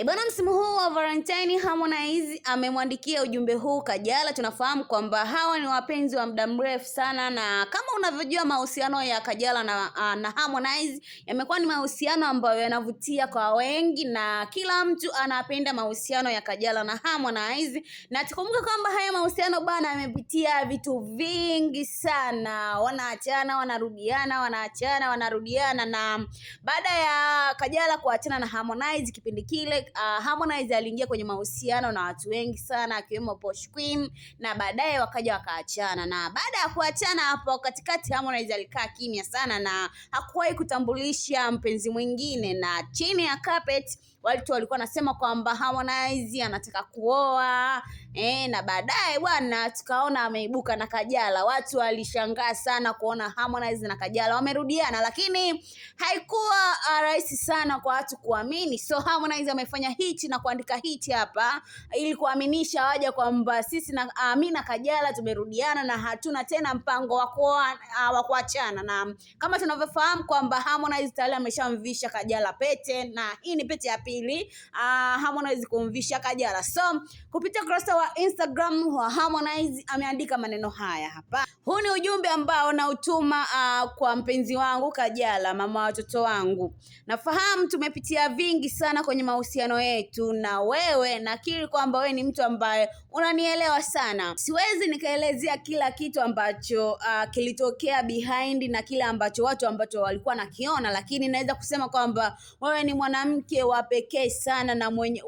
E bwana, msimu huu wa Valentine Harmonize amemwandikia ujumbe huu Kajala. Tunafahamu kwamba hawa ni wapenzi wa muda mrefu sana, na kama unavyojua mahusiano ya Kajala na, uh, na Harmonize yamekuwa ni mahusiano ambayo yanavutia kwa wengi na kila mtu anapenda mahusiano ya Kajala na Harmonize, na tukumbuke kwamba haya mahusiano bwana yamepitia vitu vingi sana, wanaachana wanarudiana, wanaachana wanarudiana, na baada ya Kajala kuachana na Harmonize kipindi kile uh, Harmonize aliingia kwenye mahusiano na watu wengi sana akiwemo Posh Queen na baadaye wakaja wakaachana, na baada ya kuachana hapo katikati Harmonize alikaa kimya sana na hakuwahi kutambulisha mpenzi mwingine, na chini ya carpet watu walikuwa wanasema kwamba Harmonize anataka kuoa e, na baadaye bwana tukaona ameibuka na Kajala. Watu walishangaa sana kuona Harmonize na Kajala wamerudiana, lakini haikuwa ah, rahisi sana kwa watu kuamini, so Harmonize ame amefanya hichi na kuandika hichi hapa ili kuaminisha waja kwamba sisi na Amina ah, Kajala tumerudiana na hatuna tena mpango ah, wa kuachana, na kama tunavyofahamu kwamba Harmonize tayari ameshamvisha Kajala pete na hii ni pete ya pili ah, Harmonize kumvisha Kajala. So kupitia ukurasa wa Instagram wa Harmonize ameandika maneno haya hapa. Huu ni ujumbe ambao nautuma uh, kwa mpenzi wangu Kajala, mama watoto wangu. Nafahamu tumepitia vingi sana kwenye mahusiano mahusiano yetu na wewe, nakiri kwamba wewe ni mtu ambaye unanielewa sana. Siwezi nikaelezea kila kitu ambacho uh, kilitokea behind na kile ambacho watu ambacho walikuwa nakiona, lakini naweza kusema kwamba wewe ni mwanamke wa pekee sana na mwenye,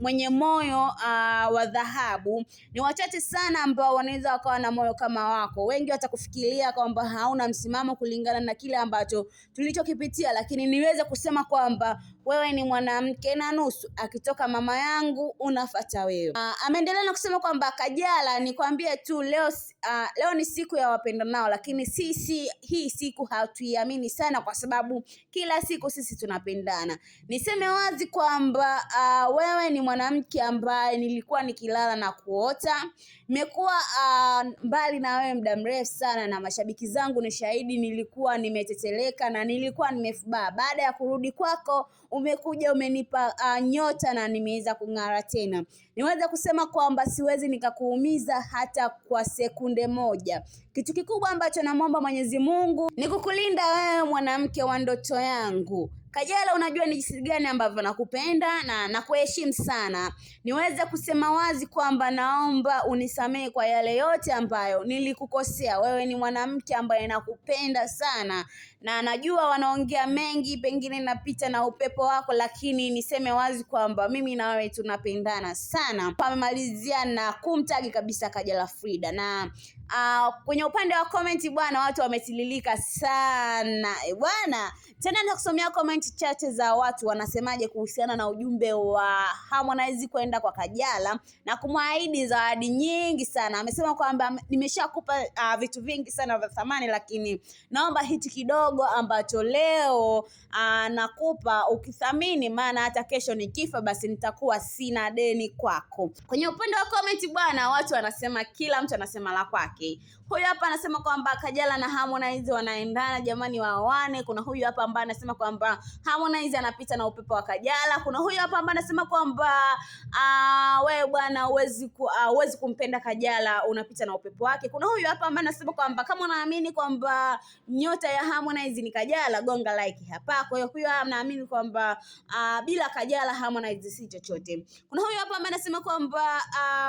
mwenye moyo uh, wa dhahabu. Ni wachache sana ambao wanaweza wakawa na moyo kama wako. Wengi watakufikiria kwamba hauna msimamo kulingana na kile ambacho tulichokipitia, lakini niweze kusema kwamba wewe ni mwanamke na nusu, akitoka mama yangu unafata wewe. Ah, ameendelea na kusema kwamba Kajala, nikwambie tu leo Uh, leo ni siku ya wapendanao, lakini sisi hii siku hatuiamini sana, kwa sababu kila siku sisi tunapendana. Niseme wazi kwamba uh, wewe ni mwanamke ambaye nilikuwa nikilala na kuota. Nimekuwa uh, mbali na wewe muda mrefu sana, na mashabiki zangu ni shahidi. Nilikuwa nimeteteleka na nilikuwa nimefubaa. Baada ya kurudi kwako, umekuja umenipa uh, nyota na nimeweza kung'ara tena. Niweza kusema kwamba siwezi nikakuumiza hata kwa sekunde sekunde moja. Kitu kikubwa ambacho namwomba Mwenyezi Mungu ni kukulinda wewe mwanamke wa ndoto yangu. Kajala, unajua ni jinsi gani ambavyo nakupenda na nakuheshimu sana. Niweze kusema wazi kwamba naomba unisamehe kwa yale yote ambayo nilikukosea. Wewe ni mwanamke ambaye nakupenda sana, na najua wanaongea mengi, pengine napita na upepo wako, lakini niseme wazi kwamba mimi na wewe tunapendana sana. Pamemalizia na kumtagi kabisa Kajala Frida na Uh, kwenye upande wa comment bwana, watu wametililika sana eh, bwana. Tena nitakusomea comment chache za watu wanasemaje kuhusiana na ujumbe wa Harmonize kwenda kwa Kajala na kumwahidi zawadi nyingi sana. Amesema kwamba nimeshakupa uh, vitu vingi sana vya thamani, lakini naomba hiti kidogo ambacho leo uh, nakupa ukithamini, maana hata kesho nikifa, basi nitakuwa sina deni kwako. Kwenye upande wa comment bwana, watu wanasema, kila mtu anasema la kwake wake. Huyu hapa anasema kwamba Kajala na Harmonize wanaendana jamani, waoane. Kuna huyu hapa ambaye anasema kwamba Harmonize anapita na upepo wa Kajala. Kuna huyu hapa ambaye anasema kwamba uh, wewe bwana huwezi ku, uh, kumpenda Kajala, unapita na upepo wake. Kuna huyu hapa ambaye anasema kwamba kama unaamini kwamba nyota ya Harmonize ni Kajala, gonga like hapa. Kwa hiyo huyu anaamini kwamba ah, bila Kajala Harmonize si chochote. Kuna huyu hapa ambaye anasema kwamba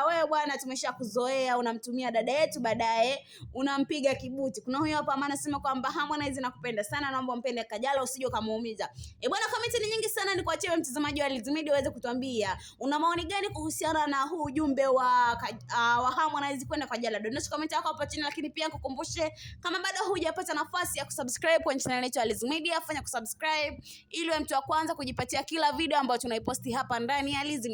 wewe bwana tumeshakuzoea, unamtumia dada yetu baada baadaye unampiga kibuti. Kuna huyo hapa maana sema kwamba Harmonize nakupenda sana, naomba mpende Kajala usije kumuumiza. E bwana comment ni nyingi sana, ni kuachia mtazamaji wa Lizzy Media uweze kutuambia una maoni gani kuhusiana na huu ujumbe wa uh, wa Harmonize kwenda Kajala. Dondosha comment yako hapa chini, lakini pia kukumbushe kama bado hujapata nafasi ya kusubscribe kwenye channel yetu ya Lizzy Media, fanya kusubscribe ili uwe mtu wa kwanza kujipatia kila video ambayo tunaiposti hapa ndani ya Liz